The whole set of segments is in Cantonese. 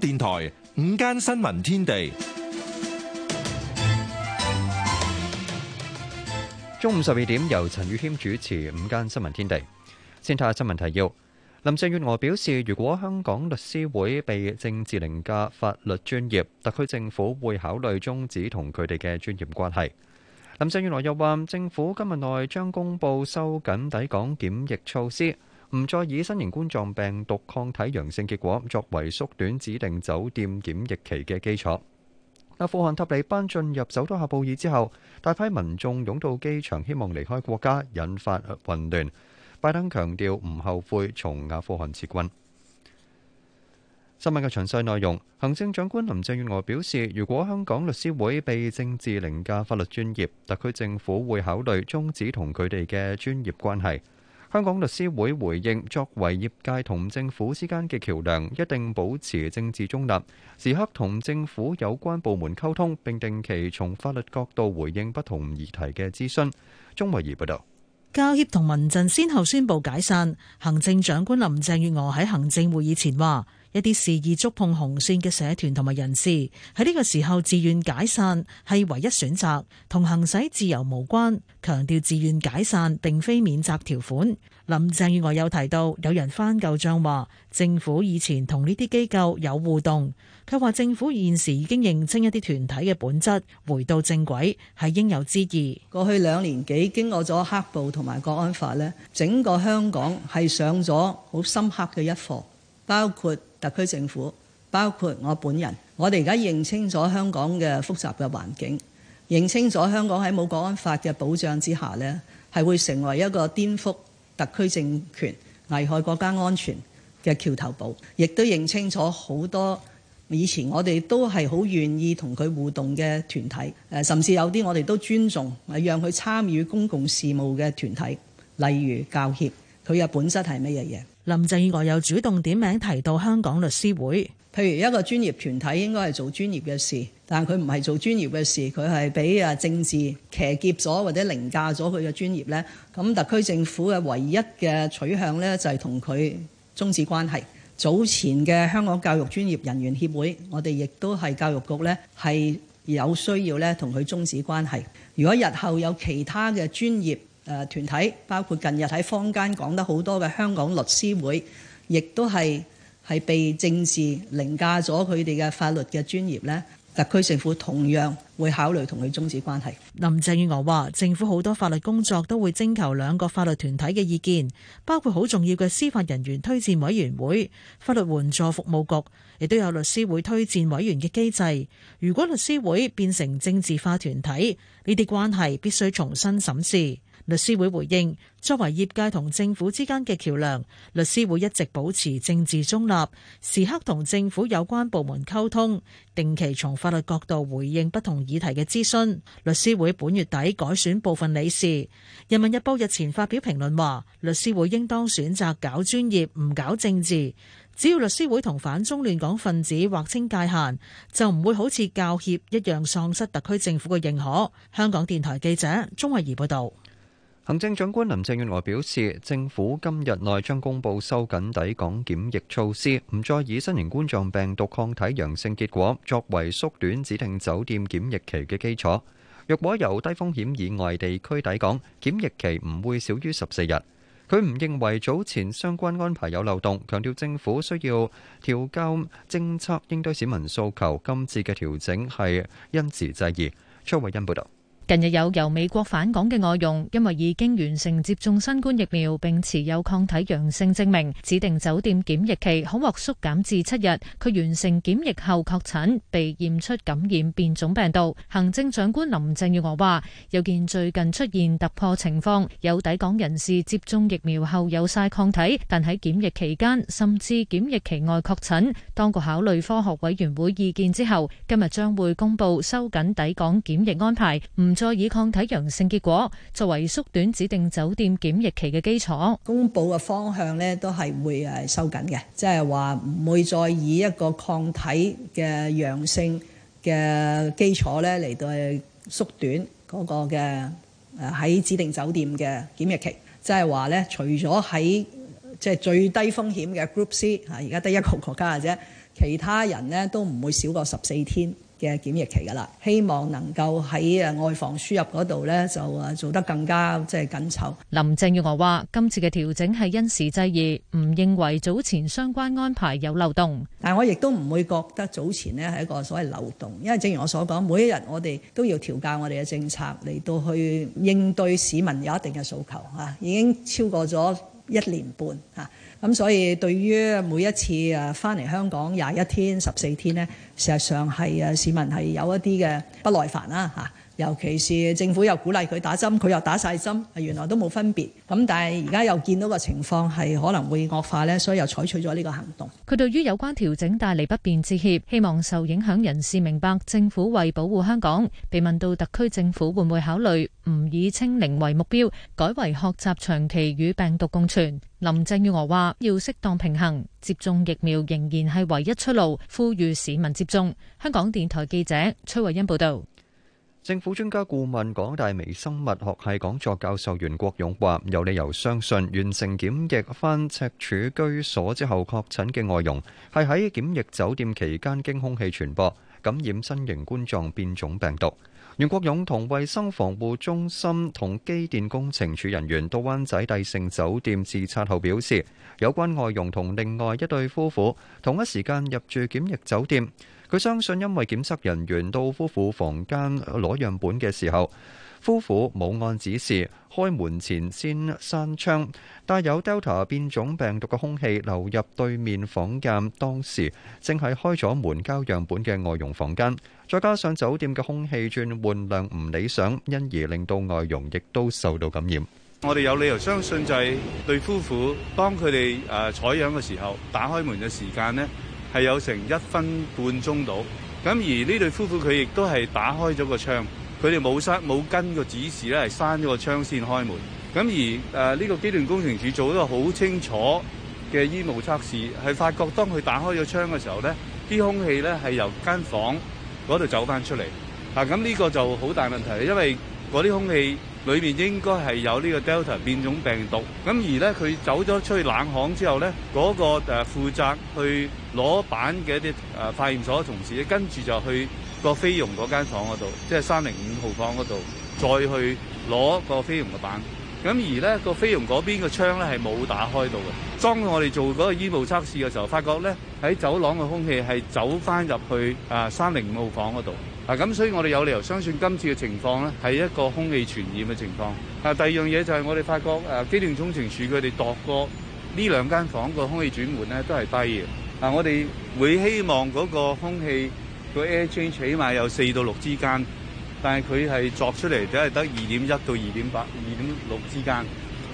電台午間新聞天地，中午十二點由陳宇謙主持《午間新聞天地》。先睇下新聞提要。林鄭月娥表示，如果香港律師會被政治凌駕法律專業，特區政府會考慮終止同佢哋嘅專業關係。林鄭月娥又話，政府今日內將公布收緊抵港檢疫措施。唔再以新型冠狀病毒抗體陽性結果作為縮短指定酒店檢疫期嘅基礎。阿富汗塔利班進入首都喀布爾之後，大批民眾湧到機場，希望離開國家，引發混亂。拜登強調唔後悔從阿富汗撤軍。新聞嘅詳細內容，行政長官林鄭月娥表示，如果香港律師會被政治凌駕法律專業，特區政府會考慮終止同佢哋嘅專業關係。香港律師會回應，作為業界同政府之間嘅橋梁，一定保持政治中立，時刻同政府有關部門溝通，並定期從法律角度回應不同議題嘅諮詢。鍾慧儀報道，教協同民陣先後宣布解散。行政長官林鄭月娥喺行政會議前話。一啲肆意觸碰紅線嘅社團同埋人士喺呢個時候自願解散係唯一選擇，同行使自由無關。強調自願解散並非免責條款。林鄭月娥又提到，有人翻舊帳話政府以前同呢啲機構有互動，佢話政府現時已經認清一啲團體嘅本質，回到正軌係應有之義。過去兩年幾經過咗黑暴同埋國安法呢，整個香港係上咗好深刻嘅一課。包括特區政府，包括我本人，我哋而家認清咗香港嘅複雜嘅環境，認清咗香港喺冇國安法嘅保障之下咧，係會成為一個顛覆特區政權危害國家安全嘅橋頭堡，亦都認清咗好多以前我哋都係好願意同佢互動嘅團體誒，甚至有啲我哋都尊重，讓佢參與公共事務嘅團體，例如教協，佢嘅本質係乜嘢嘢？林鄭月娥又主動點名提到香港律師會，譬如一個專業團體應該係做專業嘅事，但佢唔係做專業嘅事，佢係俾啊政治騎劫咗或者凌駕咗佢嘅專業呢，咁特區政府嘅唯一嘅取向呢，就係同佢終止關係。早前嘅香港教育專業人員協會，我哋亦都係教育局呢，係有需要呢同佢終止關係。如果日後有其他嘅專業，誒團體包括近日喺坊間講得好多嘅香港律師會，亦都係係被政治凌駕咗佢哋嘅法律嘅專業呢，特區政府同樣會考慮同佢終止關係。林鄭月娥話：政府好多法律工作都會徵求兩個法律團體嘅意見，包括好重要嘅司法人員推薦委員會、法律援助服務局，亦都有律師會推薦委員嘅機制。如果律師會變成政治化團體，呢啲關係必須重新審視。律師會回應：作為業界同政府之間嘅橋樑，律師會一直保持政治中立，時刻同政府有關部門溝通，定期從法律角度回應不同議題嘅諮詢。律師會本月底改選部分理事。人民日報日前發表評論話，律師會應當選擇搞專業，唔搞政治。只要律師會同反中亂港分子劃清界限，就唔會好似教協一樣喪失特區政府嘅認可。香港電台記者鍾慧儀報道。行政長官林鄭月娥表示，政府今日內將公布收緊抵港檢疫措施，唔再以新型冠狀病毒抗體陽性結果作為縮短指定酒店檢疫期嘅基礎。若果由低風險以外地區抵港，檢疫期唔會少於十四日。佢唔認為早前相關安排有漏洞，強調政府需要調校政策應對市民訴求，今次嘅調整係因時制宜。初慧欣報道。近日有由美國返港嘅外傭，因為已經完成接種新冠疫苗並持有抗體陽性證明，指定酒店檢疫期可獲縮減至七日。佢完成檢疫後確診，被驗出感染變種病毒。行政長官林鄭月娥話，又見最近出現突破情況，有抵港人士接種疫苗後有曬抗體，但喺檢疫期間甚至檢疫期外確診，當局考慮科學委員會意見之後，今日將會公布收緊抵港檢疫安排。唔再以抗體陽性結果作為縮短指定酒店檢疫期嘅基礎，公布嘅方向咧都係會誒收緊嘅，即係話唔會再以一個抗體嘅陽性嘅基礎咧嚟到縮短嗰個嘅誒喺指定酒店嘅檢疫期，即係話咧除咗喺即係最低風險嘅 group C 啊，而家得一個國家嘅啫，其他人咧都唔會少過十四天。嘅檢疫期噶啦，希望能夠喺誒外防輸入嗰度咧，就誒做得更加即係、就是、緊湊。林鄭月娥話：今次嘅調整係因時制宜，唔認為早前相關安排有漏洞。但係我亦都唔會覺得早前呢係一個所謂漏洞，因為正如我所講，每一日我哋都要調教我哋嘅政策嚟到去應對市民有一定嘅訴求嚇，已經超過咗。一年半嚇，咁、啊、所以對於每一次誒翻嚟香港廿一天、十四天咧，事實上係誒、啊、市民係有一啲嘅不耐煩啦嚇。啊尤其是政府又鼓勵佢打針，佢又打晒針，原來都冇分別，咁但係而家又見到個情況係可能會惡化咧，所以又採取咗呢個行動。佢對於有關調整帶嚟不便致歉，希望受影響人士明白政府為保護香港。被問到特區政府會唔會考慮唔以清零為目標改為學習長期與病毒共存，林鄭月娥話要適當平衡，接種疫苗仍然係唯一出路，呼籲市民接種，香港電台記者崔慧欣報道。政府專家顧問、港大微生物學系講座教授袁國勇話：有理由相信，完成檢疫返赤柱居所之後確診嘅外傭，係喺檢疫酒店期間經空氣傳播感染新型冠狀變種病毒。袁國勇同衞生防護中心同機電工程署人員到灣仔帝盛酒店視察後表示，有關外傭同另外一對夫婦同一時間入住檢疫酒店。佢相信，因為檢測人員到夫婦房間攞樣本嘅時候，夫婦冇按指示開門前先閂窗，帶有 Delta 變種病毒嘅空氣流入對面房間，當時正係開咗門交樣本嘅外傭房間，再加上酒店嘅空氣轉換量唔理想，因而令到外佣亦都受到感染。我哋有理由相信就係對夫婦當佢哋誒採樣嘅時候，打開門嘅時間咧，係有成一分半鐘到，咁而呢對夫婦佢亦都係打開咗個窗，佢哋冇閂冇跟個指示咧，係閂咗個窗先開門。咁而誒呢個機電工程署做咗個好清楚嘅煙霧測試，係發覺當佢打開咗窗嘅時候咧，啲空氣咧係由間房嗰度走翻出嚟。嗱，咁呢個就好大問題，因為嗰啲空氣，裏面應該係有呢個 Delta 變種病毒，咁而咧佢走咗出去冷巷之後咧，嗰個誒負責去攞板嘅一啲誒化驗所同事，跟住就去個菲傭嗰間房嗰度，即係三零五號房嗰度，再去攞個菲傭嘅板。咁而咧個飛龍嗰邊個窗咧係冇打開到嘅，當我哋做嗰個煙霧測試嘅時候，發覺咧喺走廊嘅空氣係走翻入去啊三零五號房嗰度。嗱咁，所以我哋有理由相信今次嘅情況咧係一個空氣傳染嘅情況。啊，第二樣嘢就係我哋發覺啊機電工程署佢哋度過呢兩間房個空氣轉換咧都係低嘅。嗱，我哋會希望嗰個空氣個 air change 起碼有四到六之間。但係佢係作出嚟，都係得二點一到二點八、二點六之間，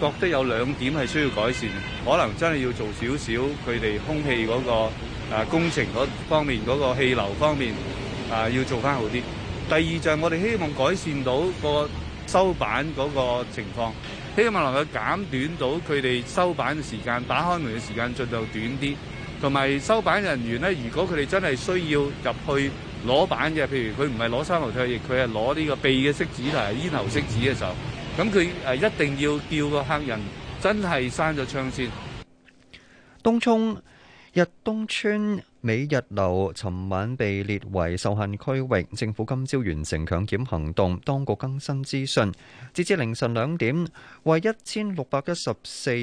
覺得有兩點係需要改善，可能真係要做少少佢哋空氣嗰個啊工程嗰方面嗰個氣流方面啊，要做翻好啲。第二就係我哋希望改善到個收板嗰個情況，希望能夠減短到佢哋收板嘅時間、打開門嘅時間，盡量短啲。同埋收板人員咧，如果佢哋真係需要入去，攞板嘅，譬如佢唔係攞深喉唾液，佢係攞呢個鼻嘅拭子同埋咽喉拭子嘅時候，咁佢誒一定要叫個客人真係閂咗窗先。東涌逸東邨美日樓尋晚被列為受限區域，政府今朝完成強檢行動。當局更新資訊，截至凌晨兩點，為一千六百一十四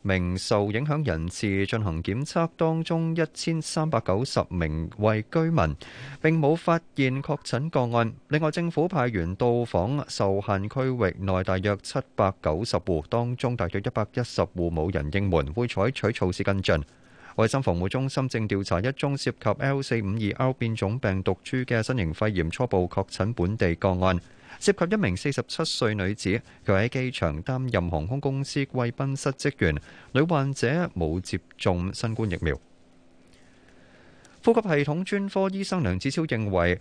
名受影響人士進行檢測，當中一千三百九十名為居民，並冇發現確診個案。另外，政府派員到訪受限區域內大約七百九十戶，當中大約一百一十戶冇人應門，會採取措施跟進。衛生防護中心正調查一宗涉及 L 四五二 R 變種病毒株嘅新型肺炎初步確診本地個案，涉及一名四十七歲女子，佢喺機場擔任航空公司貴賓室職員。女患者冇接種新冠疫苗。呼吸系統專科醫生梁子超認為。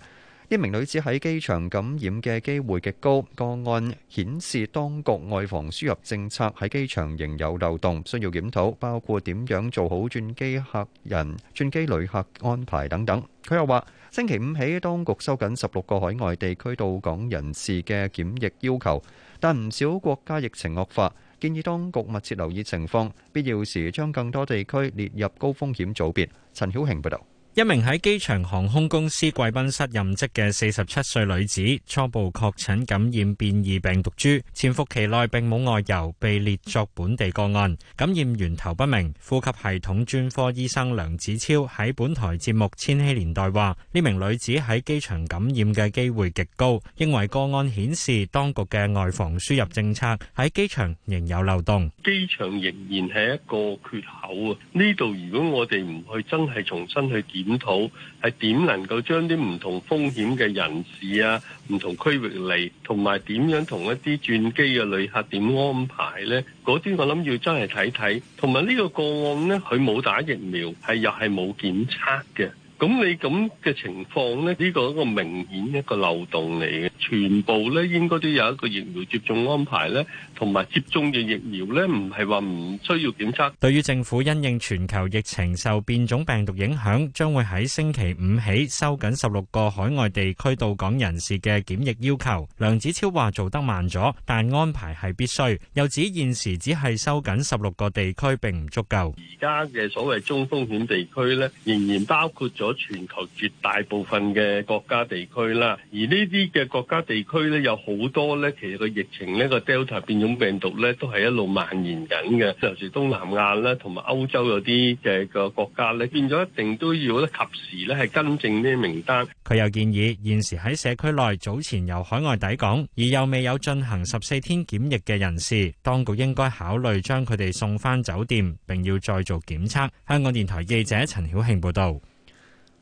一名女子喺機場感染嘅機會極高，個案顯示當局外防輸入政策喺機場仍有漏洞，需要檢討，包括點樣做好轉機客人、轉機旅客安排等等。佢又話：星期五起，當局收緊十六個海外地區到港人士嘅檢疫要求，但唔少國家疫情惡化，建議當局密切留意情況，必要時將更多地區列入高風險組別。陳曉慶報道。一名喺機場航空公司貴賓室任職嘅四十七歲女子初步確診感染變異病毒株，潛伏期內並冇外遊，被列作本地個案。感染源頭不明。呼吸系統專科醫生梁子超喺本台節目《千禧年代》話：呢名女子喺機場感染嘅機會極高，認為個案顯示當局嘅外防輸入政策喺機場仍有漏洞。機場仍然係一個缺口啊！呢度如果我哋唔去真係重新去檢，檢討係點能夠將啲唔同風險嘅人士啊，唔同區域嚟，同埋點樣同一啲轉機嘅旅客點安排呢？嗰啲我諗要真係睇睇，同埋呢個個案呢，佢冇打疫苗，係又係冇檢測嘅，咁你咁嘅情況呢，呢個一個明顯一個漏洞嚟嘅。全部咧應該都有一個疫苗接種安排咧，同埋接種嘅疫苗咧，唔係話唔需要檢測。對於政府因應全球疫情受變種病毒影響，將會喺星期五起收緊十六個海外地區到港人士嘅檢疫要求。梁子超話做得慢咗，但安排係必須。又指現時只係收緊十六個地區並唔足夠。而家嘅所謂中風險地區咧，仍然包括咗全球絕大部分嘅國家地區啦，而呢啲嘅國家地區咧有好多咧，其實個疫情咧個 Delta 變種病毒咧都係一路蔓延緊嘅，尤其是東南亞啦同埋歐洲有啲嘅個國家咧，變咗一定都要咧及時咧係更正呢啲名單。佢又建議，現時喺社區內早前由海外抵港而又未有進行十四天檢疫嘅人士，當局應該考慮將佢哋送翻酒店並要再做檢測。香港電台記者陳曉慶報道。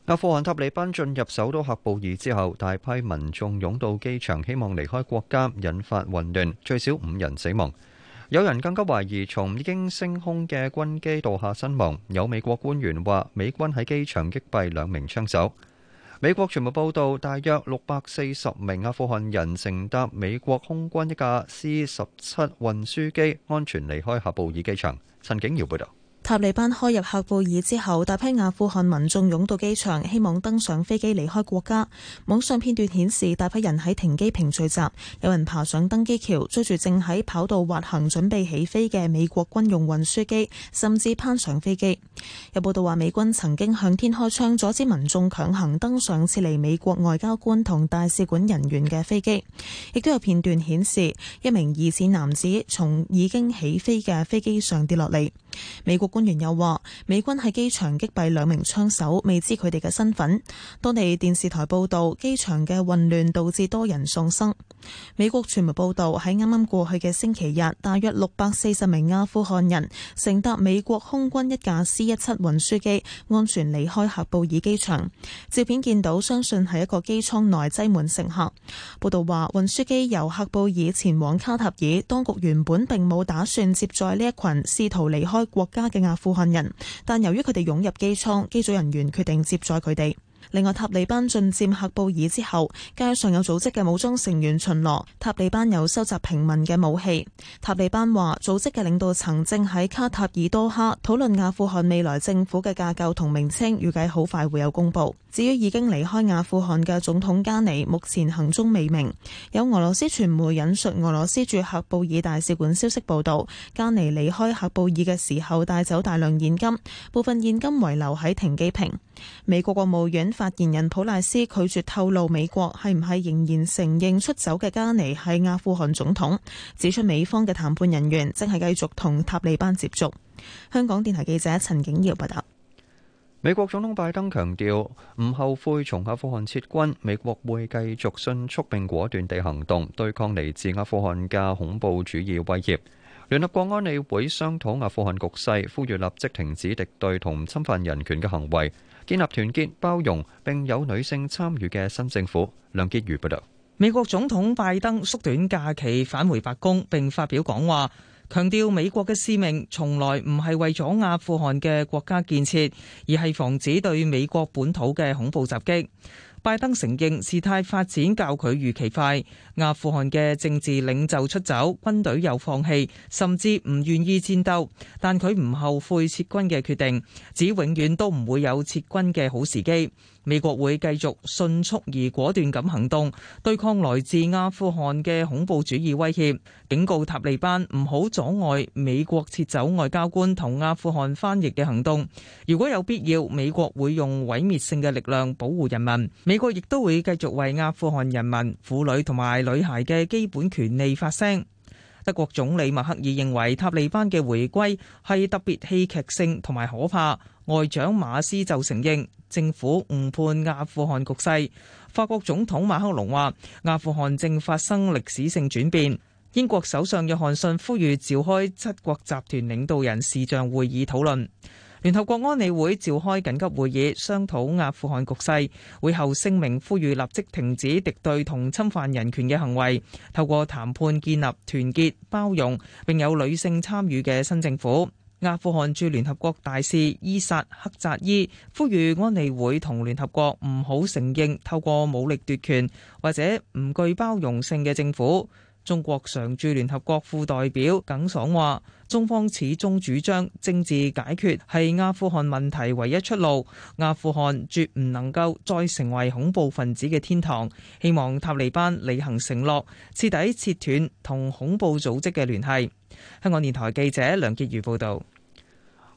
阿富汗塔利班進入首都喀布爾之後，大批民眾湧到機場，希望離開國家，引發混亂，最少五人死亡。有人更加懷疑從已經升空嘅軍機墜下身亡。有美國官員話，美軍喺機場擊斃兩名槍手。美國傳媒報道，大約六百四十名阿富汗人乘搭美國空軍一架 C 十七運輸機，安全離開喀布爾機場。陳景堯報導。塔利班開入喀布爾之後，大批阿富汗民眾湧到機場，希望登上飛機離開國家。網上片段顯示，大批人喺停機坪聚集，有人爬上登機橋，追住正喺跑道滑行準備起飛嘅美國軍用運輸機，甚至攀上飛機。有報道話美軍曾經向天開槍阻止民眾強行登上撤離美國外交官同大使館人員嘅飛機，亦都有片段顯示一名疑似男子從已經起飛嘅飛機上跌落嚟。美國官員又話美軍喺機場擊斃兩名槍手，未知佢哋嘅身份。當地電視台報道，機場嘅混亂導致多人喪生。美國傳媒報道，喺啱啱過去嘅星期日，大約六百四十名阿富汗人乘搭美國空軍一架 C 一七運輸機安全離開喀布爾機場。照片見到，相信係一個機艙內擠滿乘客。報道話，運輸機由喀布爾前往卡塔爾，當局原本並冇打算接載呢一群試圖離開國家嘅阿富汗人，但由於佢哋湧入機艙，機組人員決定接載佢哋。另外，塔利班進佔喀布爾之後，街上有組織嘅武裝成員巡邏。塔利班有收集平民嘅武器。塔利班話，組織嘅領導層正喺卡塔爾多哈討論阿富汗未來政府嘅架構同名稱，預計好快會有公佈。至於已經離開阿富汗嘅總統加尼，目前行蹤未明。有俄羅斯傳媒引述俄羅斯駐喀布爾大使館消息報道，加尼離開喀布爾嘅時候帶走大量現金，部分現金遺留喺停機坪。美國國務院發言人普賴斯拒絕透露美國係唔係仍然承認出走嘅加尼係阿富汗總統，指出美方嘅談判人員正係繼續同塔利班接觸。香港電台記者陳景耀報道。美國總統拜登強調唔後悔從阿富汗撤軍，美國會繼續迅速並果斷地行動對抗嚟自阿富汗嘅恐怖主義威脅。聯合國安理會商討阿富汗局勢，呼籲立即停止敵對同侵犯人權嘅行為，建立團結、包容並有女性參與嘅新政府。梁潔如報道。美國總統拜登縮短假期返回白宮，並發表講話。強調美國嘅使命從來唔係為咗阿富汗嘅國家建設，而係防止對美國本土嘅恐怖襲擊。拜登承認事態發展較佢預期快。阿富汗嘅政治領袖出走，軍隊又放棄，甚至唔願意戰鬥，但佢唔後悔撤軍嘅決定，指永遠都唔會有撤軍嘅好時機，美國會繼續迅速而果斷咁行動對抗來自阿富汗嘅恐怖主義威脅，警告塔利班唔好阻礙美國撤走外交官同阿富汗翻譯嘅行動，如果有必要，美國會用毀滅性嘅力量保護人民。美國亦都會繼續為阿富汗人民婦女同埋女孩嘅基本權利發聲。德國總理默克爾認為塔利班嘅回歸係特別戲劇性同埋可怕。外長馬斯就承認政府誤判阿富汗局勢。法國總統馬克龍話阿富汗正發生歷史性轉變。英國首相約翰遜呼籲召開七國集團領導人視像會議討論。聯合國安理會召開緊急會議，商討阿富汗局勢。會後聲明呼籲立即停止敵對同侵犯人權嘅行為，透過談判建立團結、包容並有女性參與嘅新政府。阿富汗駐聯合國大使伊薩克扎伊呼籲安理會同聯合國唔好承認透過武力奪權或者唔具包容性嘅政府。中國常駐聯合國副代表耿爽話：中方始終主張政治解決係阿富汗問題唯一出路，阿富汗絕唔能夠再成為恐怖分子嘅天堂。希望塔利班履行承諾，徹底切斷同恐怖組織嘅聯繫。香港電台記者梁潔如報道。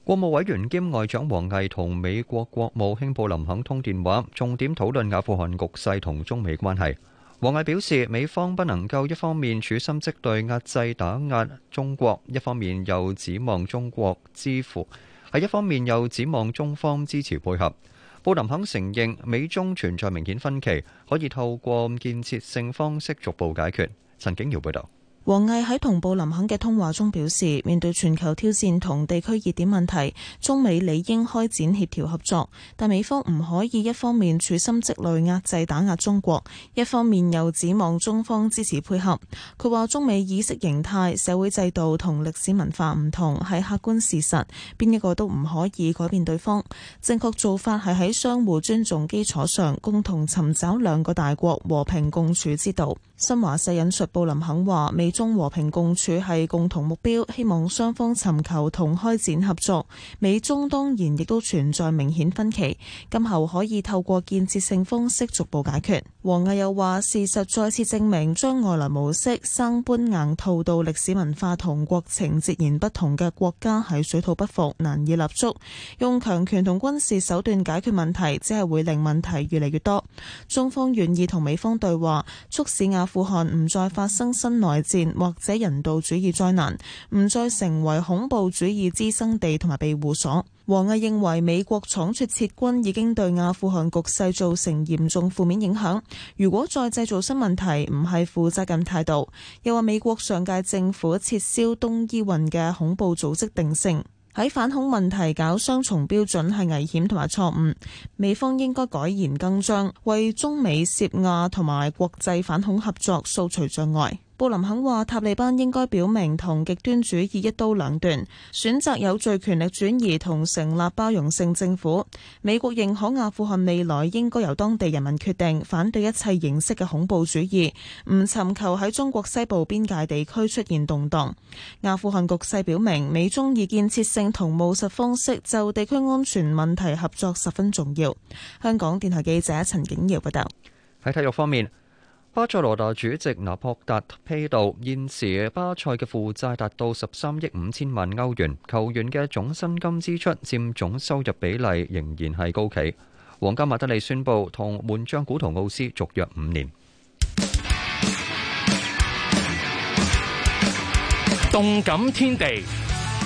國務委員兼外長王毅同美國國務卿布林肯通電話，重點討論阿富汗局勢同中美關係。王毅表示，美方不能夠一方面處心積慮壓制打壓中國，一方面又指望中國支付；喺一方面又指望中方支持配合。布林肯承認美中存在明顯分歧，可以透過建設性方式逐步解決，陳景堯報道。王毅喺同布林肯嘅通話中表示，面對全球挑戰同地區熱點問題，中美理應開展協調合作，但美方唔可以一方面處心積慮壓制、打壓中國，一方面又指望中方支持配合。佢話中美意識形態、社會制度同歷史文化唔同，係客觀事實，邊一個都唔可以改變對方。正確做法係喺相互尊重基礎上，共同尋找兩個大國和平共處之道。新華社引述布林肯話：美中和平共處係共同目標，希望雙方尋求同開展合作。美中當然亦都存在明顯分歧，今後可以透過建設性方式逐步解決。王毅又話：事實再次證明，將外來模式生搬硬套到歷史文化同國情截然不同嘅國家係水土不服，難以立足。用強權同軍事手段解決問題，只係會令問題越嚟越多。中方願意同美方對話，促使亞富汗唔再發生新內戰或者人道主義災難，唔再成為恐怖主義滋生地同埋庇護所。王毅認為美國倉促撤軍已經對阿富汗局勢造成嚴重負面影響，如果再製造新問題，唔係負責任態度。又話美國上屆政府撤銷東伊運嘅恐怖組織定性。喺反恐問題搞雙重標準係危險同埋錯誤，美方應該改弦更張，為中美涉亞同埋國際反恐合作掃除障礙。布林肯話：塔利班應該表明同極端主義一刀兩斷，選擇有序權力轉移同成立包容性政府。美國認可阿富汗未來應該由當地人民決定，反對一切形式嘅恐怖主義，唔尋求喺中國西部邊界地區出現動盪。阿富汗局勢表明，美中以建設性同務實方式就地區安全問題合作十分重要。香港電台記者陳景堯報道。喺體育方面。巴塞羅那主席納博達披露：現時巴塞嘅負債達到十三億五千萬歐元，球員嘅總薪金支出占總收入比例仍然係高企。皇家馬德里宣布同門將古圖奧斯續約五年。動感天地。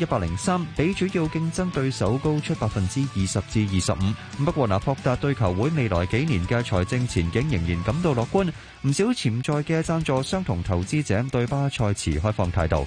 一百零三，103，比主要競爭對手高出百分之二十至二十五。不過，納珀達對球會未來幾年嘅財政前景仍然感到樂觀，唔少潛在嘅贊助商同投資者對巴塞持開放態度。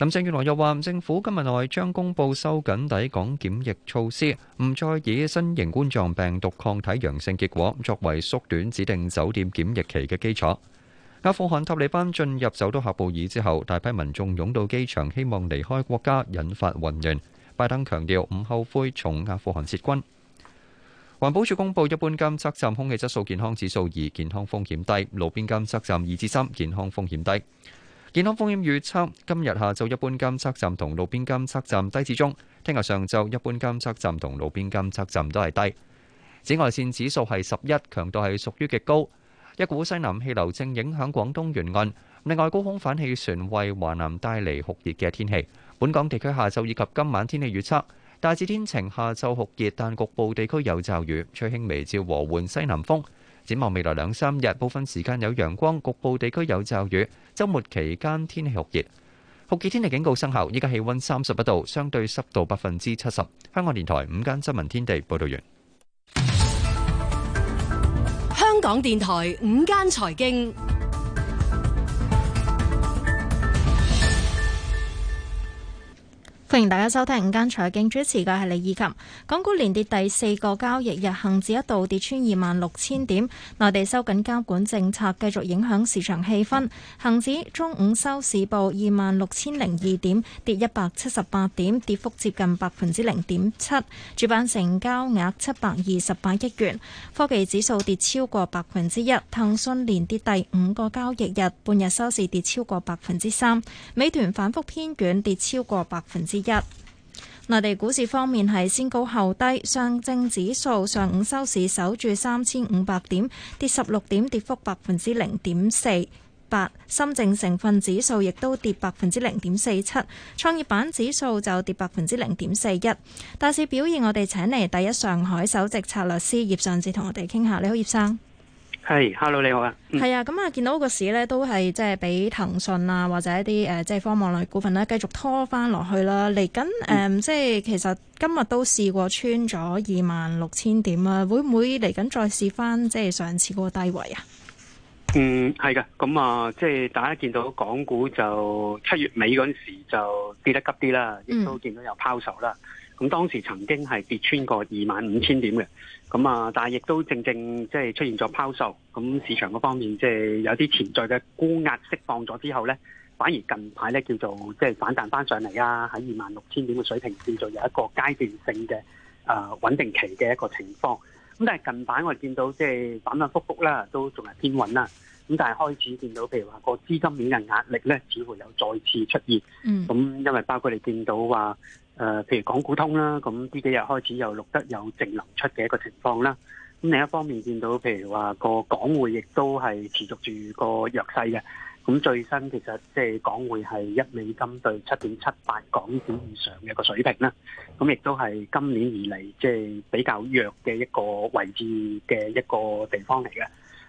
林鄭月娥又話，政府今日內將公布收緊抵港檢疫措施，唔再以新型冠狀病毒抗體陽性結果作為縮短指定酒店檢疫期嘅基礎。阿富汗塔利班進入首都喀布爾之後，大批民眾湧到機場，希望離開國家，引發混亂。拜登強調唔後悔從阿富汗撤軍。環保署公布，一般監測站空氣質素健康指數二，健康風險低；路邊監測站二至三，健康風險低。健康風險預測：今日下晝一般監測站同路邊監測站低至中，聽日上晝一般監測站同路邊監測站都係低。紫外線指數係十一，強度係屬於極高。一股西南氣流正影響廣東沿岸，另外高空反氣旋為華南帶嚟酷熱嘅天氣。本港地區下晝以及今晚天氣預測：大致天晴，下晝酷熱，但局部地區有驟雨，吹輕微至和緩西南風。展望未來兩三日，部分時間有陽光，局部地區有驟雨。周末期間天氣酷熱，酷熱天氣警告生效。依家氣溫三十一度，相對濕度百分之七十。香港電台午間新聞天地報道完。香港電台午間財經。歡迎大家收聽午間財經，主持嘅係李綺琴。港股連跌第四個交易日，恒指一度跌穿二萬六千點。內地收緊監管政策繼續影響市場氣氛，恒指中午收市報二萬六千零二點，跌一百七十八點，跌幅接近百分之零點七。主板成交額七百二十八億元，科技指數跌超過百分之一，騰訊連跌第五個交易日，半日收市跌超過百分之三，美團反復偏軟，跌超過百分之。一內地股市方面係先高後低，上證指數上午收市守住三千五百點，跌十六點，跌幅百分之零點四八；深證成分指數亦都跌百分之零點四七，創業板指數就跌百分之零點四一。大市表現，我哋請嚟第一上海首席策略師葉尚志同我哋傾下。你好，葉生。係、hey，hello，你好啊。係、嗯、啊，咁啊，見到個市咧都係即係俾騰訊啊或者一啲誒即係科網類股份咧繼續拖翻落去啦。嚟緊誒，即係、嗯、其實今日都試過穿咗二萬六千點啊。會唔會嚟緊再試翻即係上次嗰個低位啊、嗯？嗯，係噶，咁啊，即係大家見到港股就七月尾嗰陣時就跌得急啲啦，亦都見到有拋售啦。咁當時曾經係跌穿過二萬五千點嘅，咁啊，但係亦都正正即係出現咗拋售，咁市場嗰方面即係有啲潛在嘅沽壓釋放咗之後咧，反而近排咧叫做即係反彈翻上嚟啊，喺二萬六千點嘅水平，叫做有一個階段性嘅啊、呃、穩定期嘅一個情況。咁但係近排我哋見到即係反反覆覆啦，都仲係偏穩啦。咁但係開始見到譬如話個資金面嘅壓力咧，似乎有再次出現。嗯。咁因為包括你見到話。誒，譬如港股通啦，咁呢幾日開始又錄得有淨流出嘅一個情況啦。咁另一方面，見到譬如話個港匯亦都係持續住個弱勢嘅。咁最新其實即係港匯係一美金對七點七八港元以上嘅一個水平啦。咁亦都係今年以嚟即係比較弱嘅一個位置嘅一個地方嚟嘅。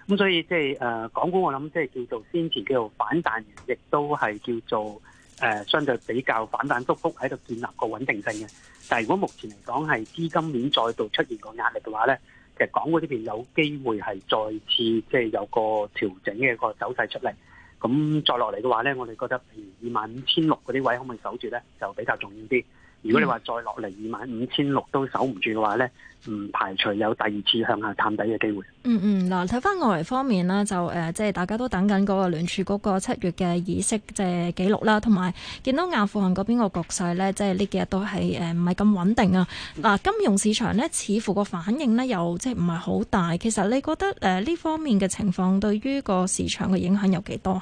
咁所以即係誒港股，我諗即係叫做先前叫做反彈，亦都係叫做。誒相對比較反反覆覆喺度建立個穩定性嘅，但係如果目前嚟講係資金面再度出現個壓力嘅話咧，其實港股呢邊有機會係再次即係有個調整嘅個走勢出嚟，咁再落嚟嘅話咧，我哋覺得譬如二萬五千六嗰啲位可唔可以守住咧，就比較重要啲。嗯、如果你話再落嚟二萬五千六都守唔住嘅話呢，唔排除有第二次向下探底嘅機會。嗯嗯，嗱睇翻外圍方面啦，就誒即係大家都等緊嗰個聯儲局嗰個七月嘅議息即係、就是、記錄啦，同埋見到阿富汗嗰邊個局勢呢，即係呢幾日都係誒唔係咁穩定啊。嗱、呃，金融市場呢，似乎個反應呢又即係唔係好大。其實你覺得誒呢方面嘅情況對於個市場嘅影響有幾多？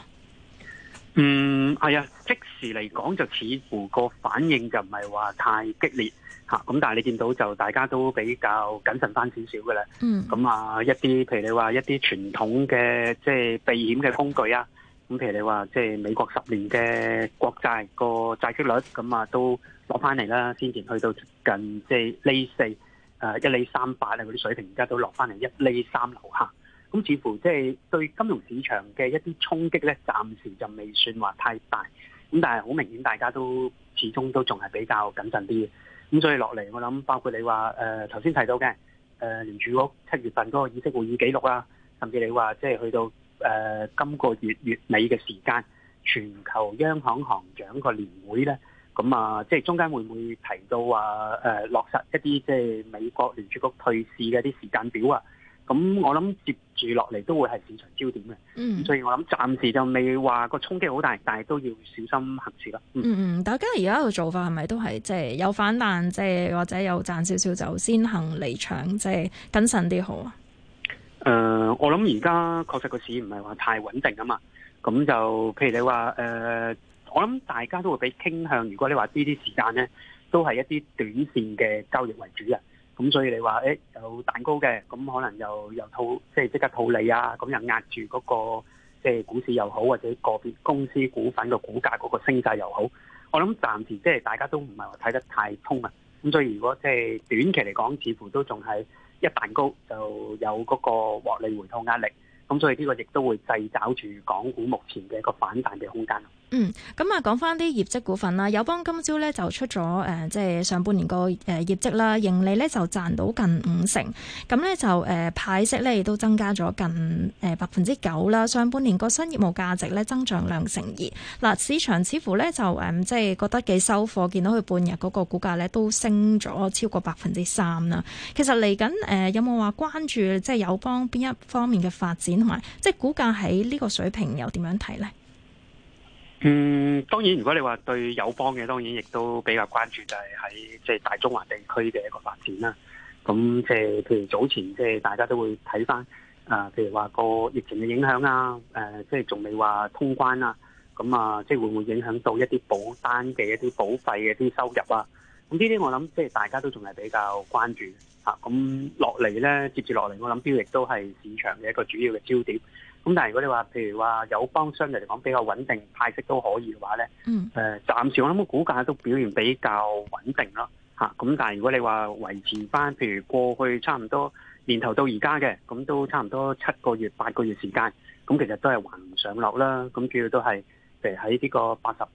嗯，係啊，即時嚟講就似乎個反應就唔係話太激烈吓，咁、啊、但係你見到就大家都比較謹慎翻少少嘅啦。嗯，咁啊，一啲譬如你話一啲傳統嘅即係避險嘅工具啊，咁、嗯、譬如你話即係美國十年嘅國債個債息率，咁啊都攞翻嚟啦，先前去到近即係釐四，誒一釐三百啊嗰啲水平，而家都落翻嚟一釐三樓下。咁似乎即係對金融市場嘅一啲衝擊咧，暫時就未算話太大。咁但係好明顯大家都始終都仲係比較謹慎啲嘅。咁所以落嚟，我諗包括你話誒頭先提到嘅誒聯儲局七月份嗰個議息會議記錄啦、啊，甚至你話即係去到誒、呃、今個月月尾嘅時間，全球央行行長個年會咧，咁啊，即係中間會唔會提到話誒、呃、落實一啲即係美國聯儲局退市嘅啲時間表啊？咁、嗯、我諗接住落嚟都會係市場焦點嘅，嗯、所以我諗暫時就未話個衝擊好大，但係都要小心行事咯。嗯嗯，大家而家個做法係咪都係即係有反彈，即係或者有賺少少就先行離場，即係謹慎啲好啊？誒、呃，我諗而家確實個市唔係話太穩定啊嘛，咁就譬如你話誒、呃，我諗大家都會比傾向，如果你話呢啲時間咧，都係一啲短線嘅交易為主啊。咁所以你話誒、欸、有蛋糕嘅，咁可能又又套即係即刻套利啊，咁又壓住嗰個即係股市又好，或者個別公司股份個股價嗰個升勢又好。我諗暫時即係大家都唔係話睇得太通啊。咁所以如果即係短期嚟講，似乎都仲係一蛋糕就有嗰個獲利回吐壓力。咁所以呢個亦都會掣肘住港股目前嘅一個反彈嘅空間。嗯，咁啊，講翻啲業績股份啦，友邦今朝咧，就出咗誒、呃，即係上半年個誒業績啦，盈利咧就賺到近五成，咁咧就誒派、呃、息咧亦都增加咗近誒百分之九啦，上半年個新業務價值咧增長兩成二，嗱、呃，市場似乎咧就誒、呃、即係覺得幾收貨，見到佢半日嗰個股價咧都升咗超過百分之三啦。其實嚟緊誒有冇話關注即係友邦邊一方面嘅發展，同埋即係股價喺呢個水平又點樣睇咧？嗯，當然，如果你話對友邦嘅，當然亦都比較關注，就係喺即係大中華地區嘅一個發展啦。咁即係譬如早前，即係大家都會睇翻，誒，譬如話個疫情嘅影響啊，誒，即係仲未話通關啊，咁啊，即係會唔會影響到一啲保單嘅一啲保費嘅一啲收入啊？咁呢啲我諗即係大家都仲係比較關注嚇。咁落嚟咧，接住落嚟，我諗標亦都係市場嘅一個主要嘅焦點。咁但係如果你話，譬如話友邦相對嚟講比較穩定派息都可以嘅話咧，誒、嗯，呃、暫時我諗個股價都表現比較穩定咯，吓、啊，咁但係如果你話維持翻，譬如過去差唔多年頭到而家嘅，咁、嗯、都差唔多七個月、八個月時間，咁其實都係橫上落啦，咁主要都係，譬如喺呢個八十誒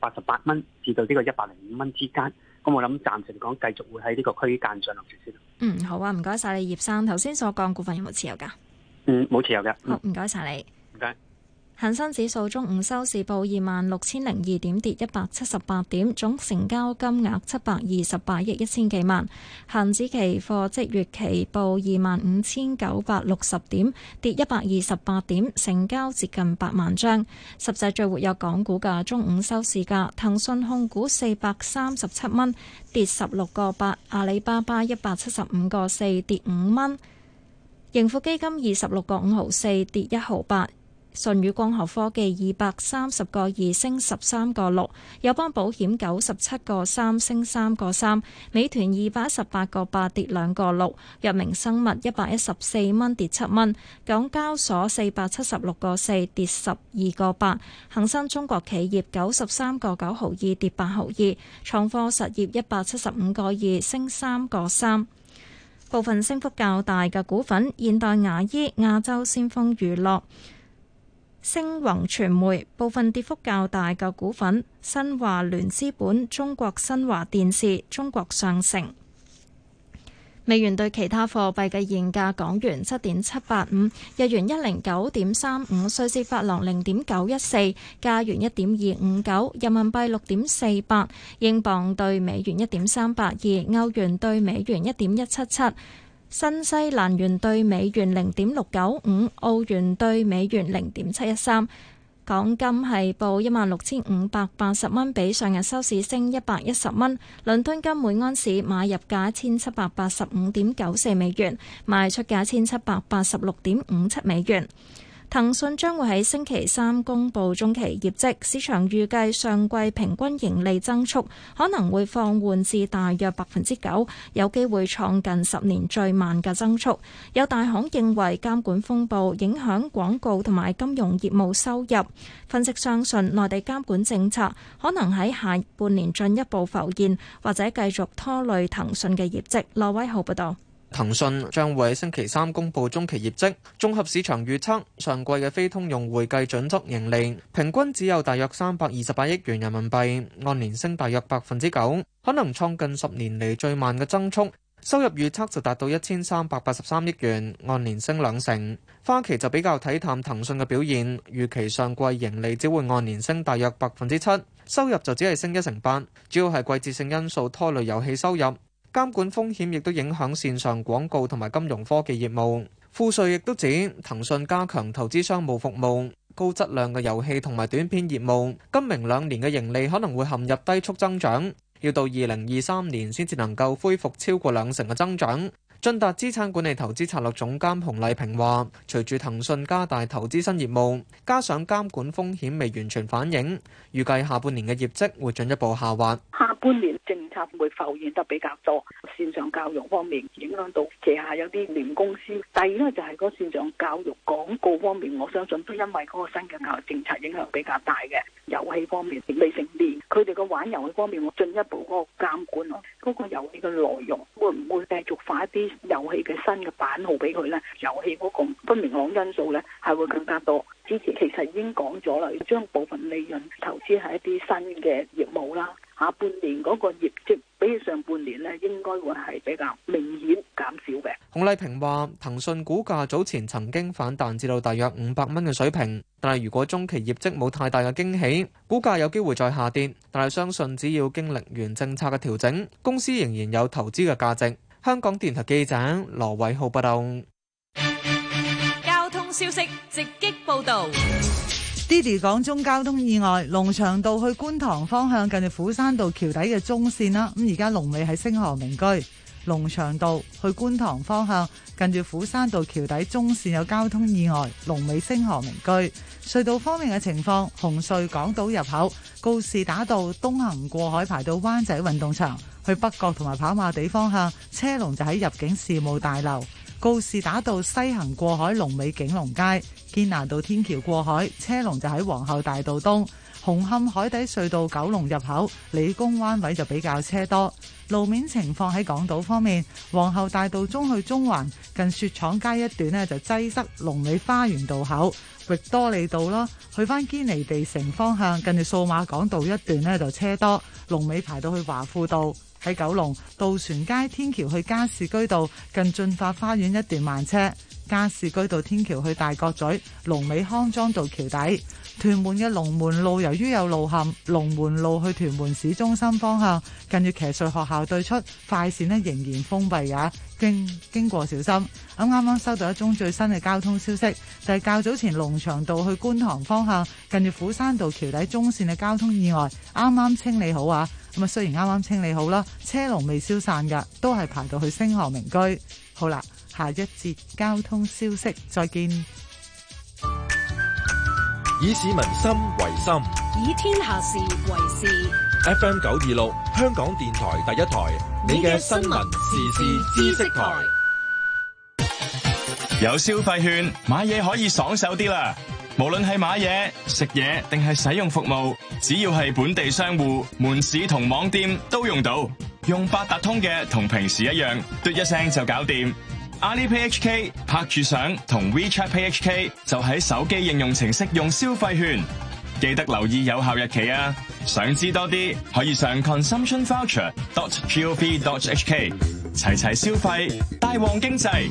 八十八蚊至到呢個一百零五蚊之間，咁我諗暫時講繼續會喺呢個區間上落住先。嗯，好啊，唔該晒你，葉生，頭先所講股份有冇持有噶？嗯，冇持有嘅。嗯、好，唔該晒你。唔該謝。恒生指數中午收市報二萬六千零二點，跌一百七十八點，總成交金額七百二十八億一千幾萬。恒指期貨即月期報二萬五千九百六十點，跌一百二十八點，成交接近八萬張。十隻最活躍港股嘅中午收市價，騰訊控股四百三十七蚊，跌十六個八；阿里巴巴一百七十五個四，跌五蚊。盈富基金二十六個五毫四跌一毫八，舜宇光學科技二百三十個二升十三個六，友邦保險九十七個三升三個三，美團二百一十八個八跌兩個六，藥明生物一百一十四蚊跌七蚊，港交所四百七十六個四跌十二個八，恒生中國企業九十三個九毫二跌八毫二，創科實業一百七十五個二升三個三。部分升幅較大嘅股份：現代牙醫、亞洲先鋒娛樂、星宏傳媒。部分跌幅較大嘅股份：新華聯資本、中國新華電視、中國上城。美元兌其他貨幣嘅現價：港元七點七八五，日元一零九點三五，瑞士法郎零點九一四，加元一點二五九，人民幣六點四八，英鎊對美元一點三八二，歐元對美元一點一七七，新西蘭元對美元零點六九五，澳元對美元零點七一三。港金係報一萬六千五百八十蚊，比上日收市升一百一十蚊。倫敦金每安士買入價一千七百八十五點九四美元，賣出價一千七百八十六點五七美元。騰訊將會喺星期三公布中期業績，市場預計上季平均盈利增速可能會放緩至大約百分之九，有機會創近十年最慢嘅增速。有大行認為監管風暴影響廣告同埋金融業務收入，分析相信內地監管政策可能喺下半年進一步浮現或者繼續拖累騰訊嘅業績。羅威豪報道。騰訊將會喺星期三公布中期業績，綜合市場預測，上季嘅非通用會計準則盈利平均只有大約三百二十八億元人民幣，按年升大約百分之九，可能創近十年嚟最慢嘅增速。收入預測就達到一千三百八十三億元，按年升兩成。花旗就比較睇淡騰訊嘅表現，預期上季盈利只會按年升大約百分之七，收入就只係升一成八，主要係季節性因素拖累遊戲收入。監管風險亦都影響線上廣告同埋金融科技業務。富瑞亦都指，騰訊加強投資商務服務、高質量嘅遊戲同埋短片業務。今明兩年嘅盈利可能會陷入低速增長，要到二零二三年先至能夠恢復超過兩成嘅增長。駿達資產管理投資策略總監洪麗萍話，隨住騰訊加大投資新業務，加上監管風險未完全反映，預計下半年嘅業績會進一步下滑。下半年政策會浮現得比較多，線上教育方面影響到旗下有啲年公司。第二呢就係個線上教育廣告方面，我相信都因為嗰個新嘅教育政策影響比較大嘅。遊戲方面，未成年，佢哋個玩遊戲方面，我進一步嗰個監管咯，嗰個遊戲嘅內容會唔會繼續快啲？遊戲嘅新嘅版號俾佢咧，遊戲嗰個不明朗因素咧，係會更加多。之前其實已經講咗啦，要將部分利潤投資喺一啲新嘅業務啦。下半年嗰個業績比起上半年咧，應該會係比較明顯減少嘅。洪麗萍話，騰訊股價早前曾經反彈至到大約五百蚊嘅水平，但係如果中期業績冇太大嘅驚喜，股價有機會再下跌。但係相信只要經歷完政策嘅調整，公司仍然有投資嘅價值。香港電台記者羅偉浩報道：交通消息直擊報道。d i d y 講中交通意外，龍翔道去觀塘方向近住斧山道橋底嘅中線啦。咁而家龍尾喺星河明居，龍翔道去觀塘方向近住斧山道橋底中線有交通意外，龍尾星河明居。隧道方面嘅情況，紅隧港島入口，告士打道東行過海排到灣仔運動場。去北角同埋跑馬地方向，車龍就喺入境事務大樓告士打道西行過海龍龍，龍尾景隆街堅拿道天橋過海，車龍就喺皇后大道東紅磡海底隧道九龍入口理工彎位就比較車多。路面情況，喺港島方面，皇后大道中去中環近雪廠街一段呢就擠塞，龍尾花園道口域多利道咯。去返堅尼地城方向近住數碼港道一段呢就車多，龍尾排到去華富道。喺九龍渡船街天橋去加士居道近駿發花園一段慢車，加士居道天橋去大角咀龍尾康莊道橋底。屯門嘅龍門路由於有路陷，龍門路去屯門市中心方向近住騎術學校對出快線咧仍然封閉啊，經經過小心。咁啱啱收到一宗最新嘅交通消息，就係、是、較早前龍翔道去觀塘方向近住斧山道橋底中線嘅交通意外，啱啱清理好啊。咁啊，雖然啱啱清理好啦，車龍未消散噶，都係排到去星河名居。好啦，下一節交通消息，再見。以市民心為心，以天下事為事。FM 九二六，香港電台第一台，你嘅新聞時事知識台。 有消費券買嘢可以爽手啲啦。無論係買嘢、食嘢定係使用服務，只要係本地商戶、門市同網店都用到，用八達通嘅同平時一樣，嘟一聲就搞掂。Alipay HK 拍住相，同 WeChat Pay HK 就喺手機應用程式用消費券。記得留意有效日期啊！想知多啲，可以上 consumptionvoucher.gov.hk，齊齊消費，大旺經濟。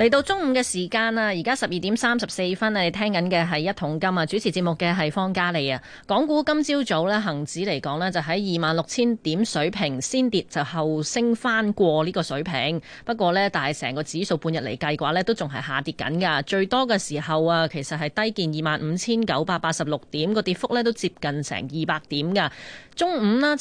嚟到中午嘅時間啦，而家十二點三十四分，你聽緊嘅係一桶金啊！主持節目嘅係方嘉莉啊。港股今朝早呢，恒指嚟講呢，就喺二萬六千點水平先跌，就後升翻過呢個水平。不過呢，但係成個指數半日嚟計嘅話呢，都仲係下跌緊㗎。最多嘅時候啊，其實係低見二萬五千九百八十六點，個跌幅呢，都接近成二百點㗎。中午呢。